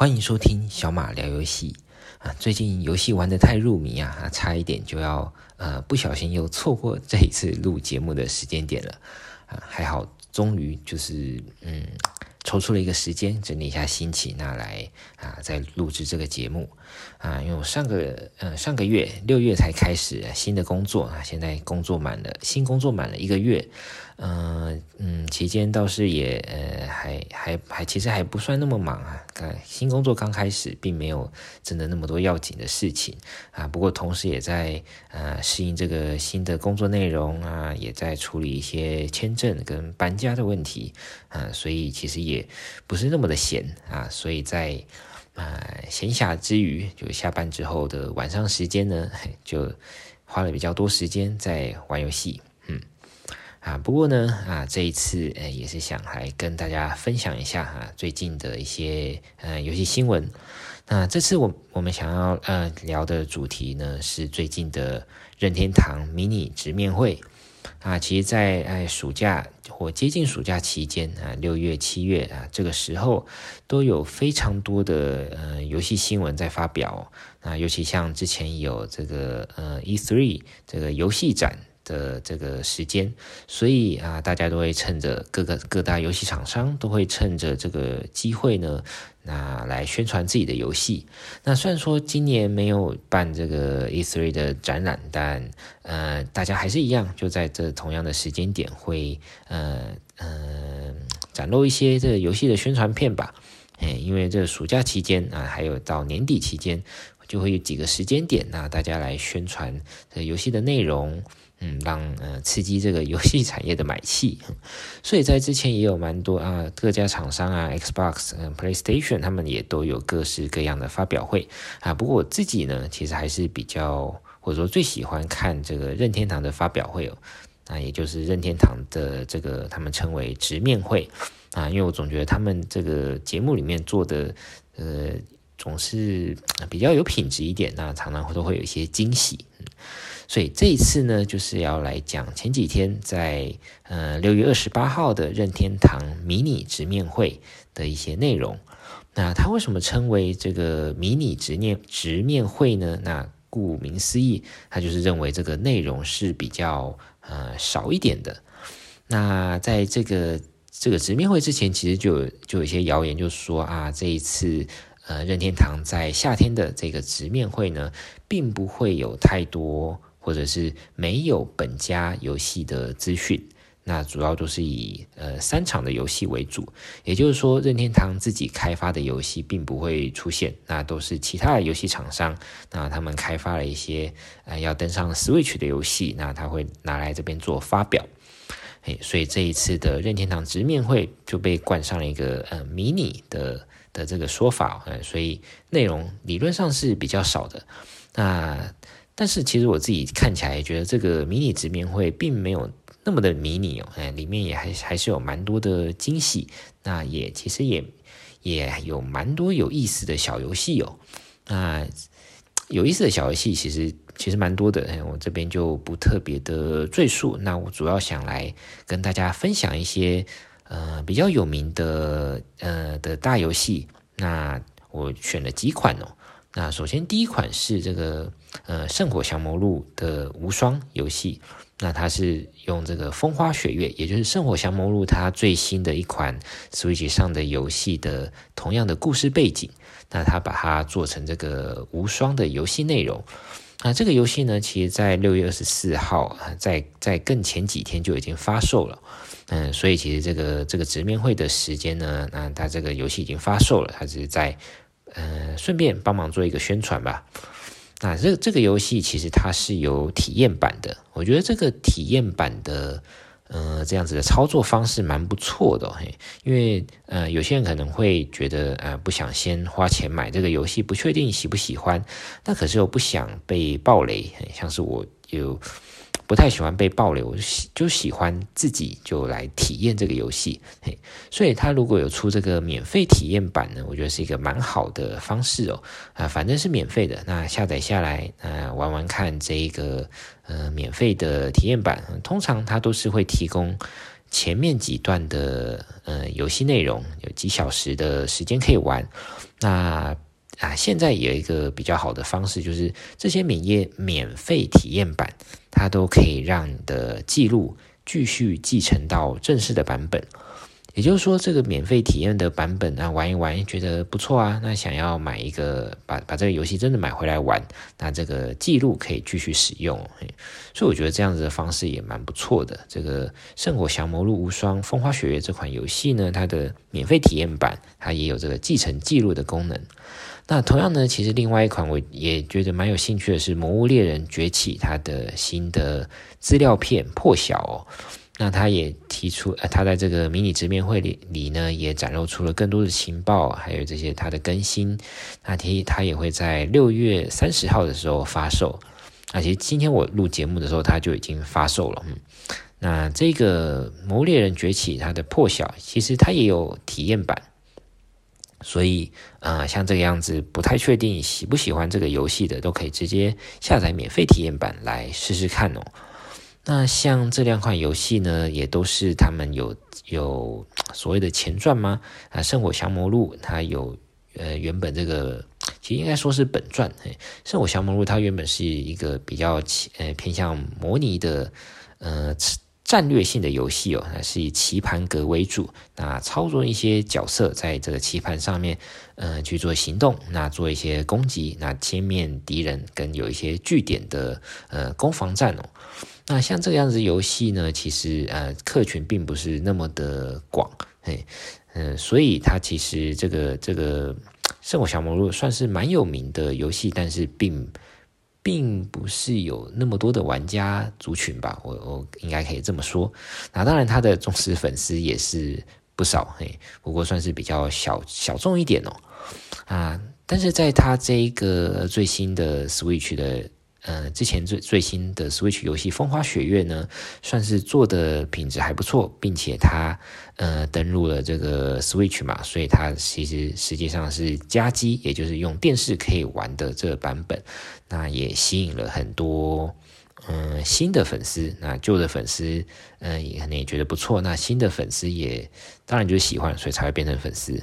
歡迎收聽小馬聊遊戲啊！最近遊戲玩得太入迷啊，啊差一點就要呃不小心又錯過這一次錄節目的時間點了啊！還好，終於就是嗯，抽出了一個時間，整理一下心情，那來啊再錄製這個節目啊！因為我上個呃上個月六月才開始新的工作啊，現在工作滿了，新工作滿了一個月。嗯、呃、嗯，期間倒是也呃，還還還，其實還不算那麼忙啊。剛新工作剛開始，並沒有真的那麼多要緊的事情啊。不過同時也在啊、呃、適應這個新的工作內容啊，也在處理一些簽證跟搬家的問題啊。所以其實也不是那麼的閒啊。所以在呃閒暇之餘，就下班之後的晚上時間呢，就花了比較多時間在玩遊戲。啊，不過呢，啊，這一次，哎、呃，也是想來跟大家分享一下哈、啊，最近的一些呃遊戲新聞。那、啊、這次我我們想要呃聊的主題呢，是最近的任天堂迷你直面會。啊，其實在，在、呃、哎暑假或接近暑假期間啊，六月、七月啊，這個時候都有非常多的呃遊戲新聞在發表。啊，尤其像之前有這個呃 E3 這個遊戲展，的這個時間，所以啊，大家都會趁着各個各大遊戲廠商都會趁着這個機會呢，那來宣傳自己的遊戲。那雖然說今年沒有辦這個 E3 的展覽，但呃，大家還是一樣，就在這同樣的時間點會呃呃展露一些這個遊戲的宣傳片吧。哎，因為這暑假期間啊，還有到年底期間，就會有幾個時間點，那大家來宣傳這遊戲的內容。嗯，讓呃刺激這個遊戲產業的買氣，所以在之前也有蠻多啊，各家廠商啊，Xbox、嗯、PlayStation，他們也都有各式各樣的發表會啊。不過我自己呢，其實還是比較或者說最喜歡看這個任天堂的發表會哦，啊，也就是任天堂的這個他們稱為直面會啊，因為我總覺得他們這個節目裡面做的呃總是比較有品質一點，那常常會都會有一些驚喜。所以這一次呢，就是要來講前幾天在呃六月二十八號的任天堂迷你直面會的一些內容。那他為什麼稱為這個迷你直面直面會呢？那顧名思義，他就是認為這個內容是比較呃少一點的。那在這個這個直面會之前，其實就有就有一些謠言，就是說啊，這一次呃任天堂在夏天的這個直面會呢，並不會有太多。或者是沒有本家遊戲的資訊，那主要都是以呃三廠的遊戲為主，也就是說，任天堂自己開發的遊戲並不會出現，那都是其他的遊戲廠商，那他們開發了一些呃要登上 Switch 的遊戲，那他會拿來這邊做發表，哎，所以這一次的任天堂直面會就被冠上了一個呃 mini 的的這個說法，嗯、呃，所以內容理論上是比較少的，那。但是其實我自己看起來也覺得這個迷你直面會並沒有那麼的迷你哦，哎，裡面也還還是有蠻多的驚喜。那也其實也也有蠻多有意思的小遊戲哦。那有意思的小遊戲其實其實蠻多的，哎，我這邊就不特別的贅述。那我主要想來跟大家分享一些呃比較有名的呃的大遊戲。那我選了幾款哦。那首先第一款是這個。呃，《聖火降魔錄》的無雙遊戲，那它是用這個《風花雪月》，也就是《聖火降魔錄》它最新的一款 Switch 上的遊戲的同樣的故事背景，那它把它做成這個無雙的遊戲內容。那這個遊戲呢，其實在六月二十四號，在在更前幾天就已經發售了。嗯、呃，所以其實這個這個直面會的時間呢，那它這個遊戲已經發售了，它是在呃，順便幫忙做一個宣傳吧。那、啊、這這個遊戲其實它是有體驗版的，我覺得這個體驗版的，嗯、呃，這樣子的操作方式蠻不錯的嘿，因為，呃，有些人可能會覺得，呃，不想先花錢買這個遊戲，不確定喜不喜歡，那可是我不想被爆雷，像是我有。不太喜歡被暴流，喜就喜歡自己就來體驗這個遊戲，嘿，所以他如果有出這個免費體驗版呢，我覺得是一個蠻好的方式哦，啊、呃，反正是免費的，那下載下來，那、呃、玩玩看這一個，呃，免費的體驗版，通常它都是會提供前面幾段的，呃，遊戲內容有幾小時的時間可以玩，那。啊，現在有一個比較好的方式，就是這些免業免費體驗版，它都可以讓你的記錄繼續，繼續繼承到正式的版本。也就是說，這個免費體驗的版本啊，玩一玩覺得不錯啊，那想要買一個，把把這個遊戲真的買回來玩，那這個記錄可以繼續使用。所以我覺得這樣子的方式也蠻不錯的。這個《聖火降魔錄無雙風花雪月》這款遊戲呢，它的免費體驗版，它也有這個繼承記錄的功能。那同樣呢，其實，另外一款我也覺得蠻有興趣的是《魔物獵人崛起》，它的新的資料片《破曉》哦。那它也提出，它，啊，在這個迷你直面會裡裡呢，也展露出了更多的情報，還有這些它的更新。那提它也會在六月三十號的時候發售。那其實今天我錄節目的時候，它就已經發售了。嗯，那這個《魔物獵人崛起》它的《破曉》，其實它也有體驗版。所以，啊、呃，像這個樣子不太確定喜不喜歡這個遊戲的，都可以直接下載免費體驗版來試試看哦。那像這兩款遊戲呢，也都是他們有有所謂的前傳嗎？啊，《聖火降魔錄》它有呃原本這個其實應該說是本傳，誒，《聖火降魔錄》它原本是一個比較呃偏向模擬的呃。戰略性的遊戲哦，是以棋盤格為主，那操作一些角色在這個棋盤上面，呃，去做行動，那做一些攻擊，那殲滅敵人跟有一些據點的呃攻防戰哦。那像這個樣子遊戲呢，其實呃客群並不是那麼的廣，嘿，呃，所以它其實這個這個《聖火小魔錄》算是蠻有名的遊戲，但是並並不。是有那麼多的玩家族群吧，我我應該可以這麼說。那、啊、當然，他的忠實粉絲也是不少，嘿，不過算是比較小小眾一點哦、喔。啊，但是在他這個最新的 Switch 的。呃，之前最最新的 Switch 遊戲《風花雪月》呢，算是做的品質還不錯，並且它呃登錄了這個 Switch 嘛，所以它其實實際上是家機，也就是用電視可以玩的這個版本，那也吸引了很多。嗯，新的粉絲，那舊的粉絲，嗯，也可能也覺得不錯。那新的粉絲也當然就喜歡，所以才會變成粉絲。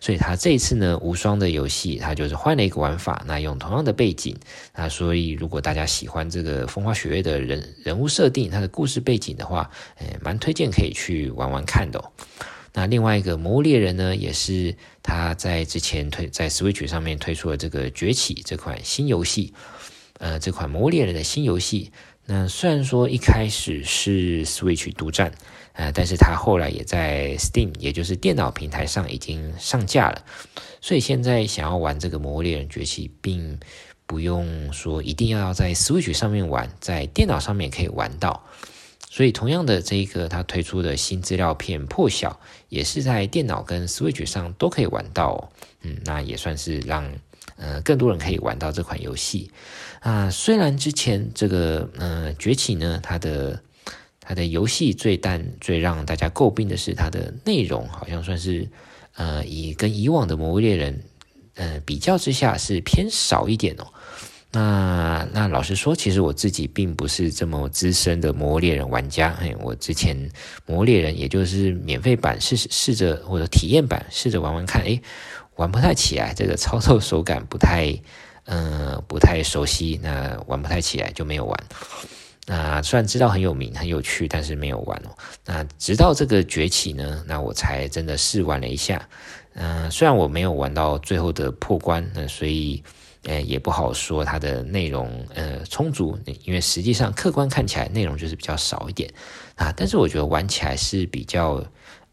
所以他這一次呢，無雙的遊戲，他就是換了一個玩法，那用同樣的背景。那所以如果大家喜歡這個風花雪月的人人物設定，它的故事背景的話，欸，蠻推薦可以去玩玩看的哦。那另外一個《魔物獵人》呢，也是他在之前推在 Switch 上面推出了這個崛起這款新遊戲。呃，這款《魔物獵人》的新遊戲，那雖然說一開始是 Switch 獨佔，呃，但是它後來也在 Steam，也就是電腦平台上已經上架了。所以現在想要玩這個《魔物獵人崛起》，並不用說一定要在 Switch 上面玩，在電腦上面可以玩到。所以同樣的，這一個它推出的新資料片《破曉》，也是在電腦跟 Switch 上都可以玩到哦。嗯，那也算是讓。呃，更多人可以玩到這款遊戲啊、呃。雖然之前這個嗯、呃、崛起呢，它的它的遊戲最但最讓大家詬病的是它的內容，好像算是呃以跟以往的《魔物獵人》嗯、呃、比較之下是偏少一點哦。那、呃、那老實說，其實我自己並不是這麼資深的《魔物獵人》玩家。嘿，我之前《魔物獵人》也就是免費版試試着或者體驗版試着玩玩看，哎。玩不太起來，這個操作手感不太，嗯、呃，不太熟悉，那玩不太起來就沒有玩。那雖然知道很有名、很有趣，但是沒有玩哦。那直到這個崛起呢，那我才真的試玩了一下。嗯、呃，雖然我沒有玩到最後的破關，那所以呃也不好說它的內容呃充足，因為實際上客觀看起來內容就是比較少一點啊。但是我覺得玩起來是比較。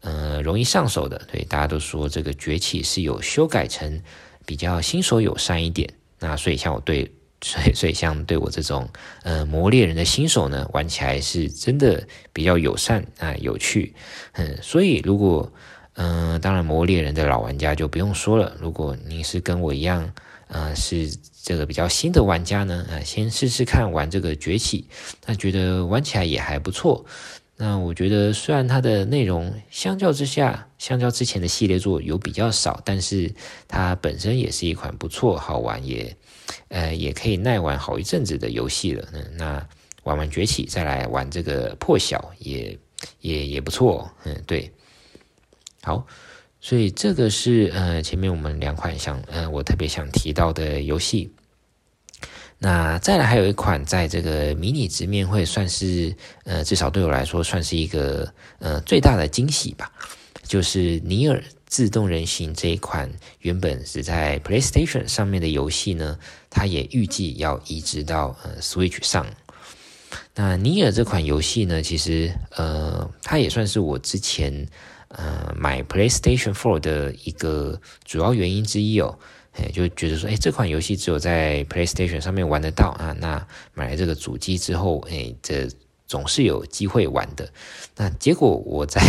嗯、呃，容易上手的，對，所以大家都說這個崛起是有修改成比較新手友善一點。那所以像我對，所以，所以像對我這種，呃，魔獵人的新手呢，玩起來是真的比較友善啊、呃，有趣。嗯，所以如果，嗯、呃，當然魔獵人的老玩家就不用說了。如果您是跟我一樣，呃，是這個比較新的玩家呢，啊、呃，先試試看玩這個崛起，那覺得玩起來也還不錯。那我覺得，雖然它的內容相較之下，相較之前的系列作有比較少，但是它本身也是一款不錯、好玩、也呃，也可以耐玩好一陣子的遊戲了。嗯，那玩完崛起，再來玩這個破曉，也也也不錯哦。嗯，對，好，所以這個是呃前面我們兩款想呃，我特別想提到的遊戲。那再來還有一款在這個迷你直面會算是呃至少對我來說算是一個呃最大的驚喜吧，就是《尼爾：自動人形》這一款原本是在 PlayStation 上面的遊戲呢，它也預計要移植到，呃，Switch 上。那《尼爾》這款遊戲呢，其實呃它也算是我之前呃買 PlayStation 4的一個主要原因之一哦。就覺得說，哎，這款遊戲只有在 PlayStation 上面玩得到啊。那買了這個主機之後，哎，這總是有機會玩的。那結果我在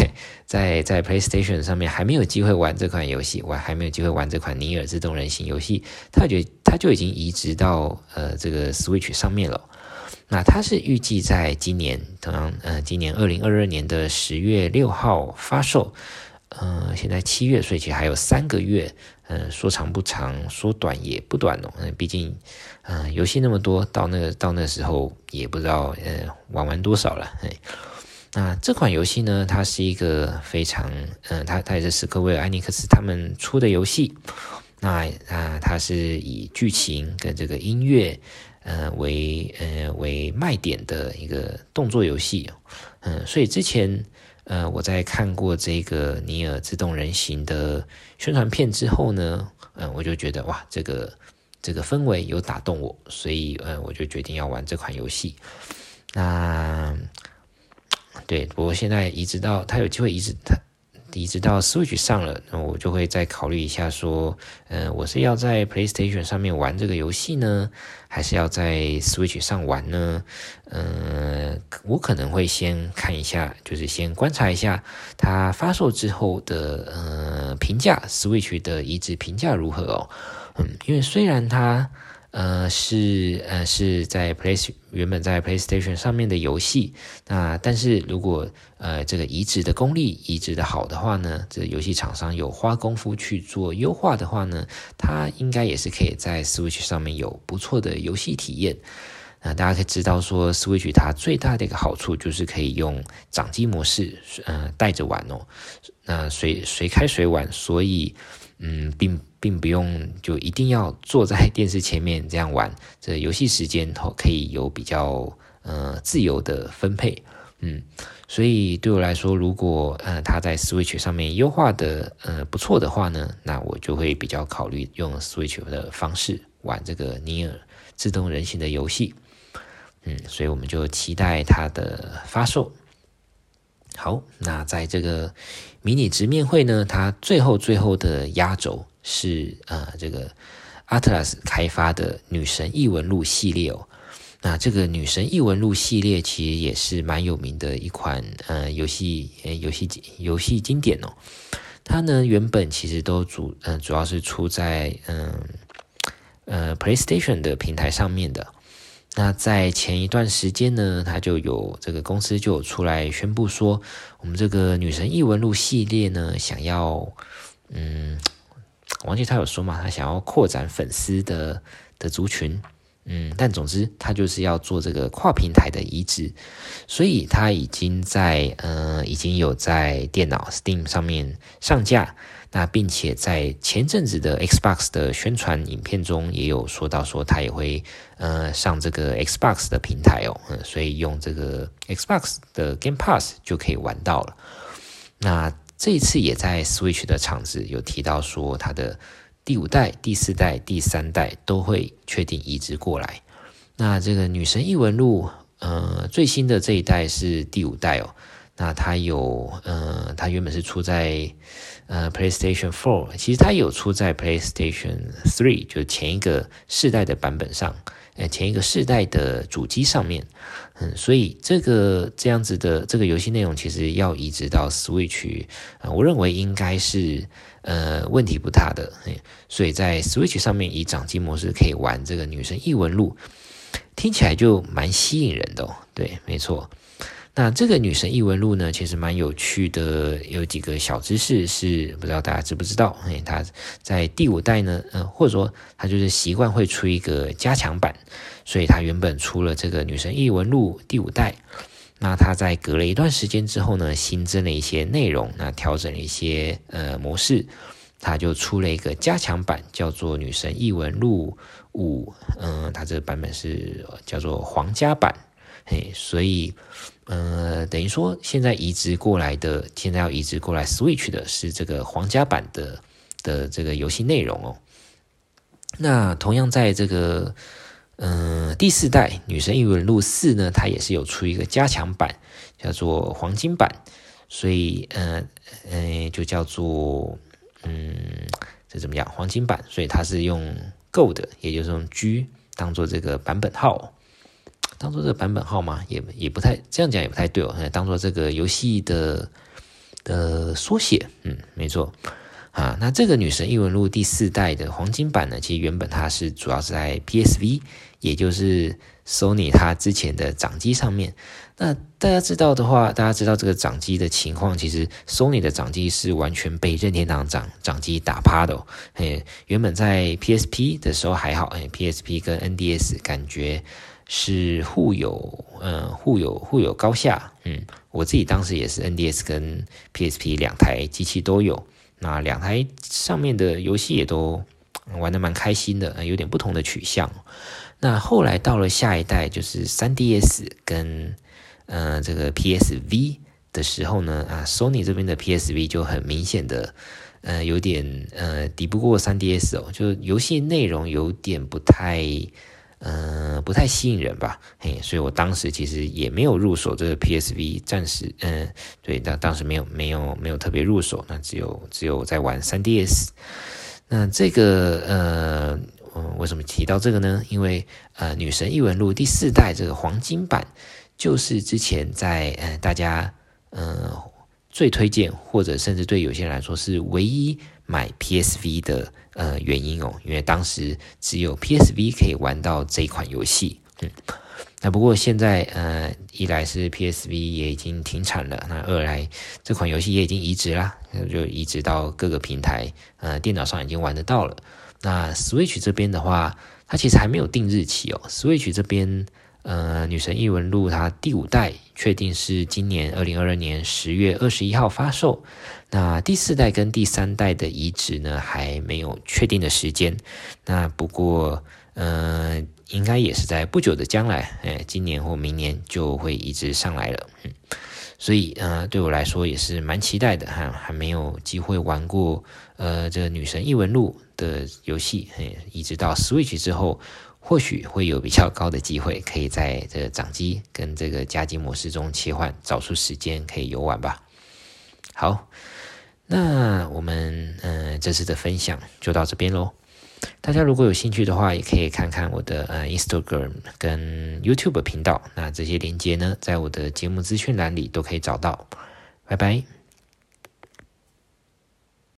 在在 PlayStation 上面還沒有機會玩這款遊戲，我還沒有機會玩這款《尼爾：自動人形》遊戲，它就它就已經移植到呃這個 Switch 上面了。那它是預計在今年同樣呃今年二零二二年的十月六號發售。嗯、呃，現在七月，所以其實還有三個月。嗯、呃，說長不長，說短也不短，哦，畢竟，嗯、呃，遊戲那麼多，到那個到那時候也不知道，嗯、呃，玩完多少了嘿。那這款遊戲呢，它是一個非常，嗯、呃，它它也是史克威爾艾尼克斯他們出的遊戲。那啊，呃，它是以劇情跟這個音樂，呃，為呃為賣點的一個動作遊戲，哦。嗯、呃，所以之前。嗯，我在看過這個尼爾自動人形的宣傳片之後呢，嗯，我就覺得哇，這個這個氛圍有打動我，所以嗯，我就決定要玩這款遊戲。那對，我現在移植到，他有機會移植他。移植到 Switch 上了，那我就會再考慮一下，說，嗯、呃，我是要在 PlayStation 上面玩這個遊戲呢，還是要在 Switch 上玩呢？嗯、呃，我可能會先看一下，就是先觀察一下它發售之後的，嗯、呃，評價，Switch 的移植評價如何哦？嗯，因為雖然它。呃，是呃是在 Play，原本在 PlayStation 上面的遊戲，那但是如果呃這個移植的功力移植的好的話呢，這遊戲廠商有花功夫去做優化的話呢，它應該也是可以在 Switch 上面有不錯的遊戲體驗。那大家可以知道說 Switch 它最大的一個好處就是可以用掌機模式，呃，帶着玩哦，那隨隨開隨玩，所以。嗯，並並不用就一定要坐在電視前面這樣玩，這遊戲時間可以有比較呃自由的分配。嗯，所以對我來說，如果呃它在 Switch 上面優化的呃不錯的話呢，那我就會比較考慮用 Switch 的方式玩這個《尼爾：自動人形》的遊戲。嗯，所以我們就期待它的發售。好，那在這個。迷你直面會呢，它最後最後的壓軸是呃這個 Atlus 開發的《女神異聞錄》系列哦。那這個《女神異聞錄》系列其實也是蠻有名的一款呃遊戲，呃、遊戲遊戲經典哦。它呢原本其實都主呃主要是出在嗯呃，呃 PlayStation 的平台上面的。那在前一段時間呢，他就有這個公司就有出來宣布說，我們這個女神異聞錄系列呢，想要，嗯，忘記他有說嘛，他想要擴展粉絲的的族群，嗯，但總之他就是要做這個跨平台的移植，所以他已經在，嗯、呃，已經有在電腦 Steam 上面上架。那並且在前陣子的 Xbox 的宣傳影片中也有說到，說他也會呃上這個 Xbox 的平台哦，所以用這個 Xbox 的 Game Pass 就可以玩到了。那這一次也在 Switch 的場子有提到說它的第五代、第四代、第三代都會確定移植過來。那這個《女神異聞錄》嗯、呃、最新的這一代是第五代哦，那它有嗯它、呃、原本是出在。呃，PlayStation Four 其實它有出在 PlayStation Three，就是前一個世代的版本上，呃，前一個世代的主機上面，嗯，所以這個這樣子的這個遊戲內容其實要移植到 Switch，呃，我認為應該是呃問題不大的，所以在 Switch 上面以掌機模式可以玩這個《女神異聞錄》，聽起來就蠻吸引人的哦，對，沒錯。那這個女神異聞錄呢，其實蠻有趣的，有幾個小知識是不知道大家知不知道。嘿，它在第五代呢，嗯、呃，或者說它就是習慣會出一個加強版，所以它原本出了這個女神異聞錄第五代，那它在隔了一段時間之後呢，新增了一些內容，那調整了一些呃模式，它就出了一個加強版，叫做女神異聞錄五，嗯，它這個版本是叫做皇家版，嘿，所以。嗯、呃，等於說，現在移植過來的，現在要移植過來 Switch 的是這個皇家版的的這個遊戲內容哦。那同樣在這個嗯、呃、第四代女神異聞錄四呢，它也是有出一個加強版，叫做黃金版，所以嗯嗯、呃呃、就叫做嗯這怎麼講，黃金版，所以它是用 Gold 也就是用 G 當做這個版本號，哦。當做這個版本號嘛，也也不太這樣講也不太對哦。當做這個遊戲的的縮寫，嗯，沒錯啊。那這個《女神異聞錄》第四代的黃金版呢，其實原本它是主要是在 PSV，也就是 Sony 它之前的掌機上面。那大家知道的話，大家知道這個掌機的情況，其實 Sony 的掌機是完全被任天堂掌掌機打趴的哦。嘿，原本在 PSP 的時候還好，哎，PSP 跟 NDS 感覺。是互有，嗯、呃，互有，互有高下，嗯，我自己當時也是 NDS 跟 PSP 兩台機器都有，那兩台上面的遊戲也都玩得蠻開心的，有點不同的取向。那後來到了下一代，就是 3DS 跟，嗯、呃，這個 PSV 的時候呢，啊，Sony 這邊的 PSV 就很明顯的，嗯、呃，有點，呃，敵不過 3DS 哦，就遊戲內容有點不太。嗯、呃，不太吸引人吧？嘿，所以我當時其實也沒有入手這個 PSV，暫時嗯、呃，對，當當時沒有沒有沒有特別入手，那只有只有在玩 3DS。那這個呃、呃，為什麼提到這個呢？因為呃，《女神異聞錄》第四代這個黃金版，就是之前在呃大家嗯、呃、最推薦，或者甚至對有些人來說是唯一買 PSV 的。呃，原因哦，因為當時只有 PSV 可以玩到這款遊戲，嗯，那不過現在，呃，一來是 PSV 也已經停產了，那二來這款遊戲也已經移植啦，就移植到各個平台，呃，電腦上已經玩得到了。那 Switch 這邊的話，它其實還沒有定日期哦，Switch 這邊。呃，女神異聞錄它第五代確定是今年二零二二年十月二十一號發售。那第四代跟第三代的移植呢，還沒有確定的時間。那不過，嗯、呃，應該也是在不久的將來，哎、欸，今年或明年就會移植上來了。嗯，所以，嗯、呃，對我來說也是蠻期待的哈、啊，還沒有機會玩過，呃，這個女神異聞錄的遊戲，嘿、欸，移植到 Switch 之後。或許會有比較高的機會，可以在這個掌機跟這個家機模式中切換，找出時間可以遊玩吧。好，那我們嗯、呃、這次的分享就到這邊嘍。大家如果有興趣的話，也可以看看我的呃 Instagram 跟 YouTube 頻道。那這些連接呢，在我的節目資訊欄裡都可以找到。拜拜。